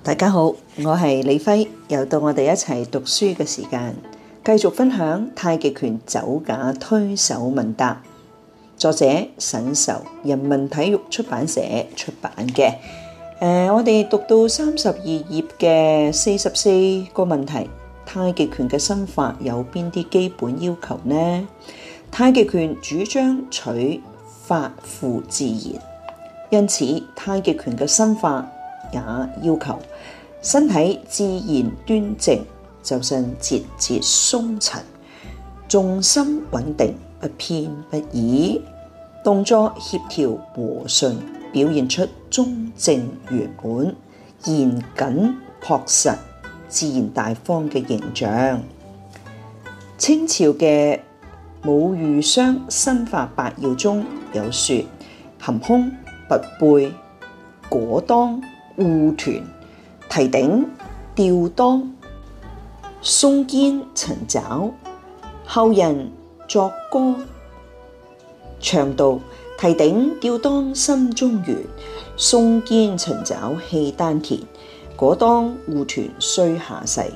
大家好，我係李輝，又到我哋一齊讀書嘅時間，繼續分享《太極拳走架推手問答》，作者沈壽，人民體育出版社出版嘅。誒、呃，我哋讀到三十二頁嘅四十四個問題，太極拳嘅身法有邊啲基本要求呢？太極拳主張取法乎自然，因此太極拳嘅身法。也要求身體自然端正，周身節節鬆沉，重心穩定不偏不倚，動作協調和順，表現出中正圓滿、嚴謹樸實、自然大方嘅形象。清朝嘅武禹襄身法八要中有説：含胸拔背，裹襠，護臀，提頂吊襠，鬆肩沉肘，後人作歌唱道：提頂吊襠心中懸，鬆肩沉肘氣丹田。裹襠護臀須下勢，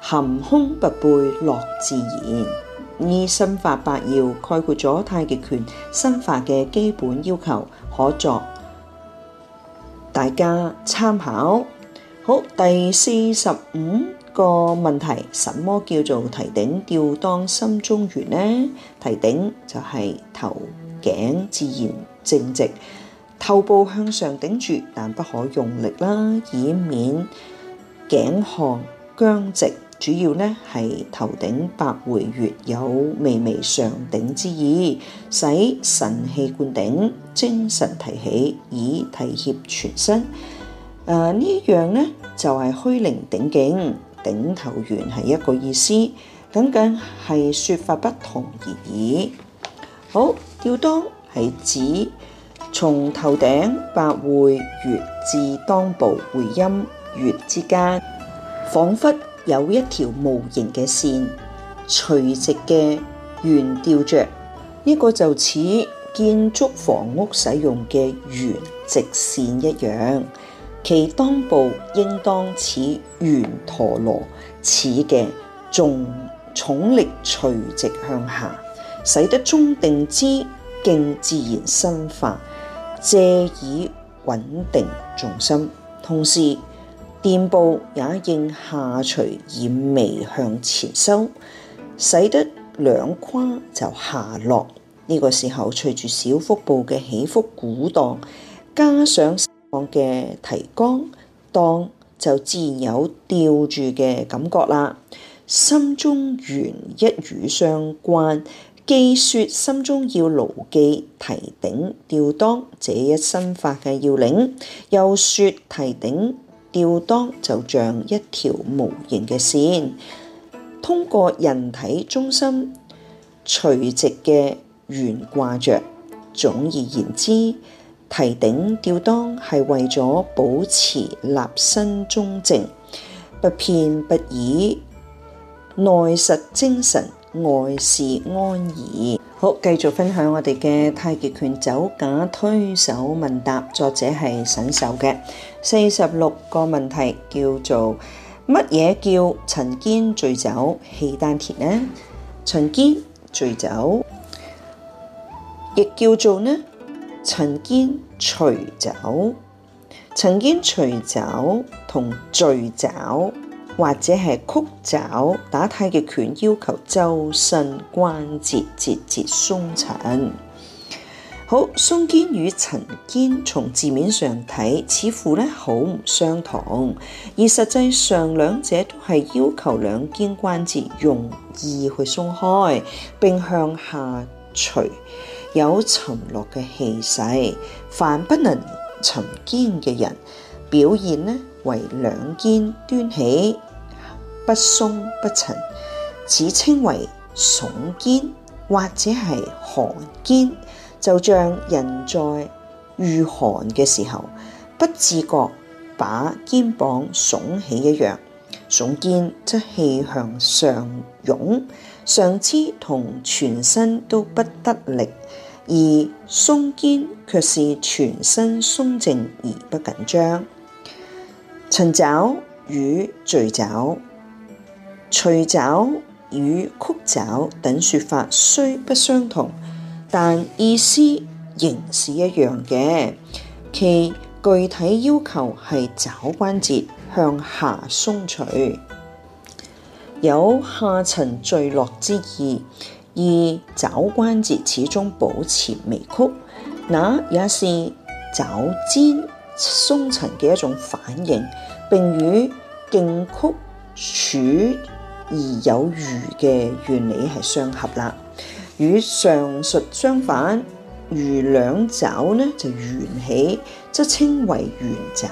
含胸拔背落自然。依身法八要概括咗太極拳身法嘅基本要求，可作大家參考好第四十五個問題，什麼叫做提頂吊襠心中懸呢？提頂就係頭頸自然正直，頭部向上頂住，但不可用力啦，以免頸項僵直。主要咧係頭頂百會穴有微微上頂之意，使神氣灌頂，精神提起，以提攜全身。誒、呃、呢樣咧就係虛靈頂勁，頂頭懸係一個意思，僅僅係說法不同而已。好，吊襠係指從頭頂百會穴至襠部會陰穴之間，彷彿有一條無形嘅線，垂直嘅懸吊着，呢、這個就似建築房屋使用嘅懸直線一樣，其襠部應當似圓陀螺似嘅，重重力垂直向下，使得中定之勁自然生發，借以穩定重心，同時。肩部也應下垂而微向前收，使得兩胯就下落。呢、這個時候，隨住小腹部嘅起伏鼓蕩，加上嘅提肛，襠就自然有吊住嘅感覺啦。心中緣一語雙關，既說心中要牢記提頂吊襠這一身法嘅要領，又說提頂。吊襠就像一條無形嘅線，通過人體中心垂直嘅懸掛着。總而言之，提頂吊襠係為咗保持立身中正，不偏不倚，內實精神，外示安逸。好，繼續分享我哋嘅太極拳走架推手問答，作者係沈壽嘅。四十六個問題，叫做乜嘢叫沉肩墜肘氣丹田呢？沉肩墜肘，亦叫做呢沉肩垂肘。沉肩垂肘同墜肘，或者係曲肘，打太極拳要求周身關節節節鬆沉。好鬆肩與沉肩，從字面上睇，似乎咧好唔相同，而實際上兩者都係要求兩肩關節容易去鬆開，並向下垂，有沉落嘅氣勢。凡不能沉肩嘅人，表現咧為兩肩端起，不鬆不沉，只稱為聳肩或者係寒肩。就像人在遇寒嘅時候，不自覺把肩膀聳起一樣，聳肩則氣向上湧，上肢同全身都不得力；而鬆肩卻是全身鬆靜而不緊張。沉肘與墜肘、垂肘與曲肘等說法雖不相同。但意思仍是一樣嘅，其具體要求係肘關節向下鬆垂，有下沉墜落之意，而肘關節始終保持微曲，那也是肘尖鬆沉嘅一種反應，並與勁曲處而有餘嘅原理係相合啦。與上述相反，如兩爪呢就圓起，則稱為圓爪、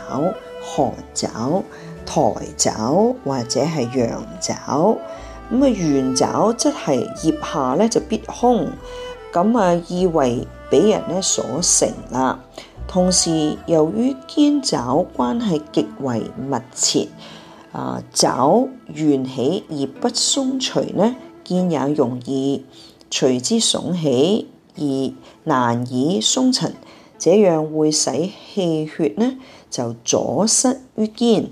寒爪、台爪或者係羊爪。咁、嗯、啊，圓爪即係腋下呢就必空，咁啊意為俾人呢所成啦。同時由於肩爪關係極為密切，啊爪圓起而不鬆馳呢，肩也容易，隨之聳起而難以鬆沉，這樣會使氣血呢就阻塞於肩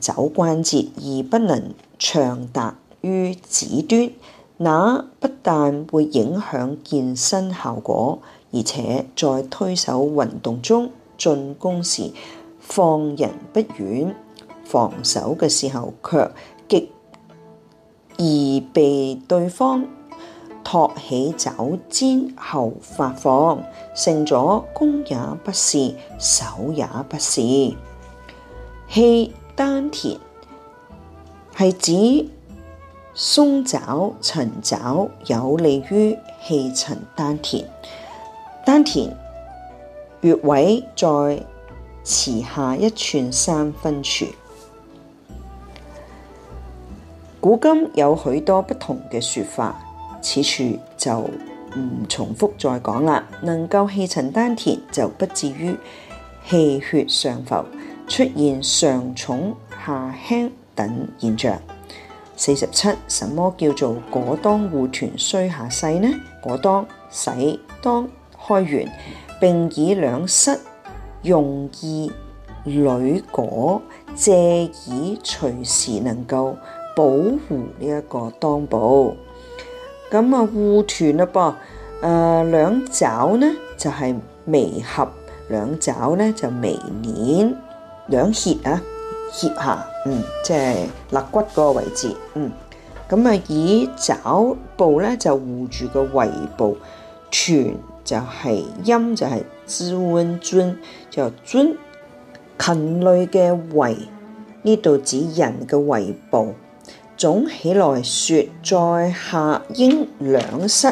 肘關節而不能暢達於指端。那不但會影響健身效果，而且在推手運動中進攻時放人不遠，防守嘅時候卻極易被對方。托起爪尖後發放，成咗攻也不是，守也不是。氣丹田係指鬆爪、沉爪，有利於氣沉丹，丹田。丹田穴位在臍下一寸三分處，古今有許多不同嘅說法。此處就唔重複再講啦。能夠氣沉丹田，就不至於氣血上浮，出現上重下輕等現象。四十七，什麼叫做果當護團，衰下勢呢？果當使當開圓，並以兩室，用意，女果借以隨時能夠保護呢一個當寶。咁啊，護臀啦噃，誒兩爪咧就係、是、微合，兩爪咧就微攣，兩脅啊，脅下，嗯，即係肋骨個位置，嗯，咁、嗯、啊、嗯，以爪部咧就護住個胃部，臀就係、是、陰、就是，就係支溫尊，就尊，禽類嘅胃呢度指人嘅胃部。總起來説，在下應兩膝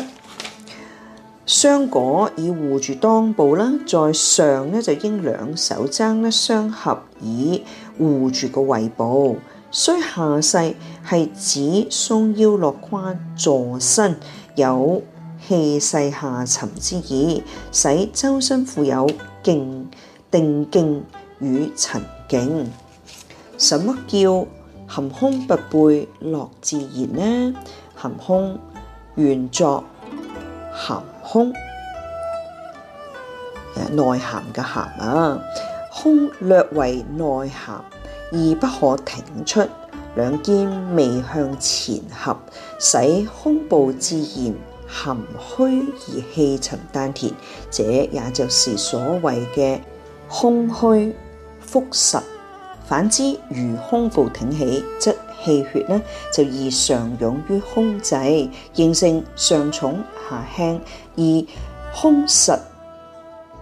相裹以護住襠部啦，在上呢就應兩手踭呢相合以護住個胃部。雖下勢係指鬆腰落胯坐身，有氣勢下沉之意，使周身富有勁定勁與沉勁。什麼叫？含胸拔背落自然呢？含胸原作含胸，內含嘅含啊，胸略為內含而不可挺出，兩肩微向前合，使胸部自然含虛而氣沉丹田，這也就是所謂嘅胸虛腹實。反之，如胸部挺起，則氣血呢就易上湧於胸際，形成上重下輕而胸實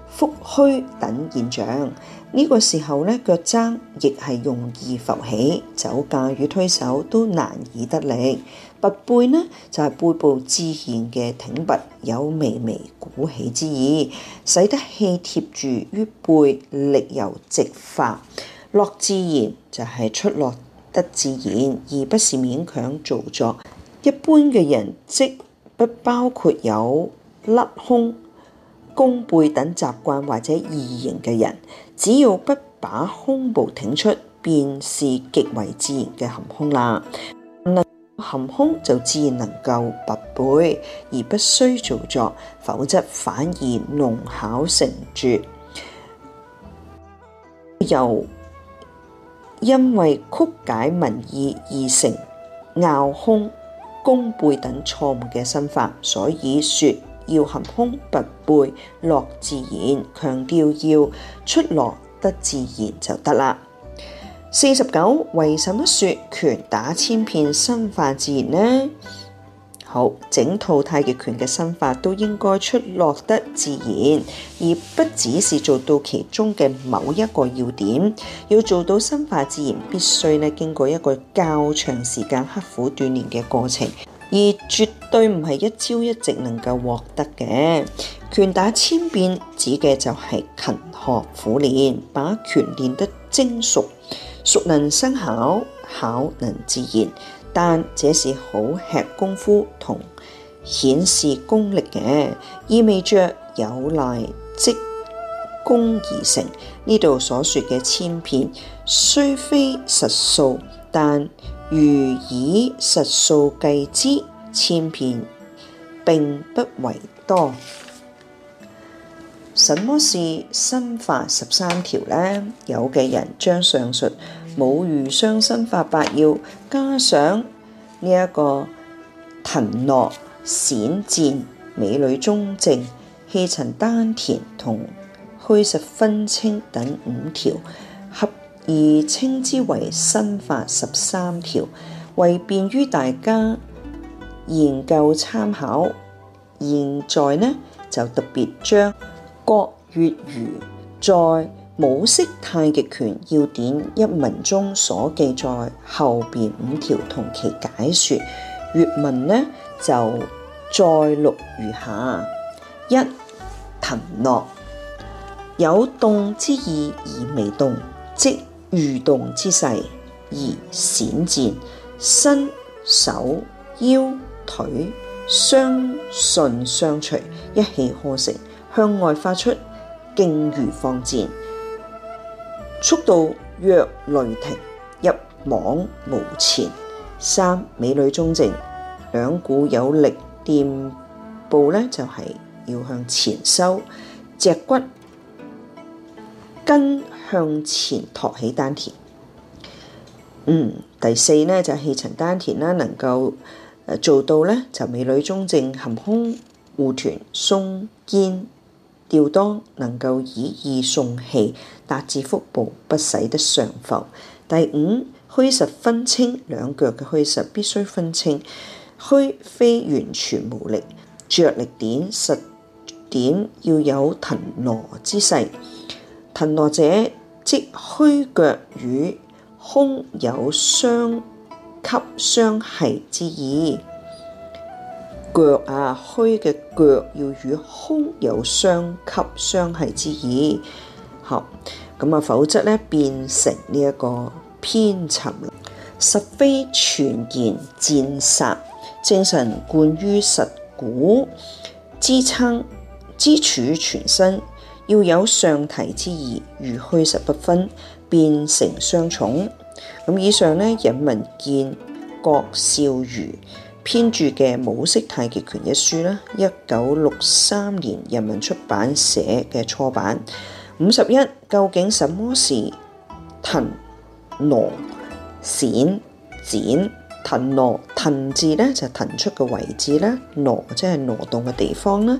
腹虛等現象。呢、這個時候呢腳踭亦係容易浮起，走架與推手都難以得力。拔背呢就係、是、背部自然嘅挺拔，有微微鼓起之意，使得氣貼住於背，力由直發。落自然就係、是、出落得自然，而不是勉強做作。一般嘅人，即不包括有甩胸、弓背等習慣或者異形嘅人。只要不把胸部挺出，便是極為自然嘅含胸啦。能含胸就自然能夠拔背，而不需做作，否則反而弄巧成拙。又因為曲解民意而成拗胸弓背等錯誤嘅身法，所以說要含胸拔背落自然，強調要出落得自然就得啦。四十九，為什麼說拳打千遍身法自然呢？好，整套太極拳嘅身法都應該出落得自然，而不只是做到其中嘅某一個要點。要做到身法自然，必須呢經過一個較長時間刻苦鍛煉嘅過程，而絕對唔係一朝一夕能夠獲得嘅。拳打千遍，指嘅就係勤學苦練，把拳練得精熟，熟能生巧，巧能自然。但這是好吃功夫同顯示功力嘅，意味着有賴積功而成。呢度所說嘅千片雖非實數，但如以實數計之，千片並不為多。什麼是心法十三條呢？有嘅人將上述。武禹襄身法八要，加上呢一個騰挪閃戰、尾閭正中、氣沉丹田同虛實分清等五條，合而稱之為身法十三條。為便於大家研究參考，現在呢就特別將郝月如在，武式太極拳要點一文中所記載後邊五條同其解説，粵文呢就再錄如下：一，騰挪，有動之意而未動，即遇動之勢而閃戰，身手腰腿相順相隨，一氣呵成，向外發出，勁如放箭。速度若雷霆，一往無前。三美女中正，兩股有力，墊步咧就係、是、要向前收，脊骨根向前托起丹田。嗯，第四咧就是、氣沉丹田啦，能夠做到咧就美女中正，含胸護臀，鬆肩。吊襠能夠以意送氣，達至腹部，不使得上浮。第五，虛實分清，兩腳嘅虛實必須分清。虛非完全無力，着力點實點要有騰挪之勢。騰挪者即虛腳與胸有相吸相繫之意。腳啊，虛嘅腳要與胸有相吸相繫之意，好咁啊，否則咧，變成呢一個偏沉，實非全然站煞，精神貫於實古，支撐支柱全身，要有上提之意，如虛實不分，變成雙重。咁以上咧，引文見郝少如編著嘅武式太極拳一書啦，一九六三年人民出版社嘅初版。五十一，究竟什麼是騰挪閃展？騰挪騰字咧就是、騰出嘅位置咧，挪即係挪動嘅地方啦。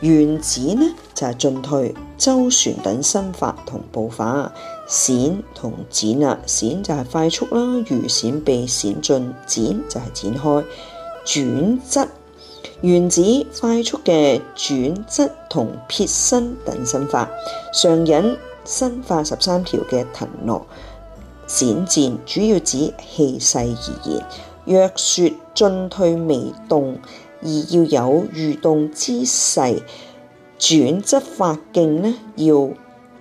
原展呢，就係、是、進退、周旋等身法同步法。閃同展啊，閃就係快速啦，如閃被閃進，展就係展開。轉則，原指快速嘅轉則同撇身等身法。常引身法十三條嘅騰挪閃戰，展展主要指氣勢而言。若說進退未動，而要有欲動之勢，轉則法勁呢，要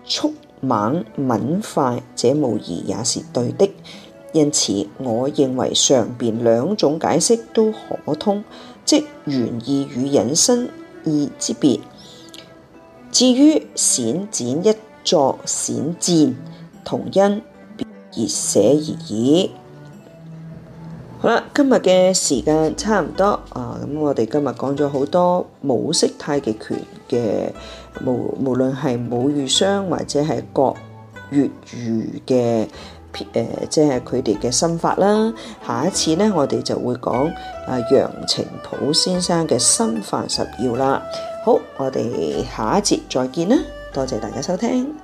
速猛敏快，這無疑也是對的。因此，我認為上邊兩種解釋都可通，即原意與引申意之別。至於“閃展”，一作“閃戰”，同音而寫而已。好啦，今日嘅時間差唔多啊！咁我哋今日講咗好多武式太極拳嘅無，無論係武禹襄或者係郝月如嘅。誒、呃，即係佢哋嘅心法啦。下一次咧，我哋就會講啊楊澄甫先生嘅心法十要啦。好，我哋下一節再見啦。多謝大家收聽。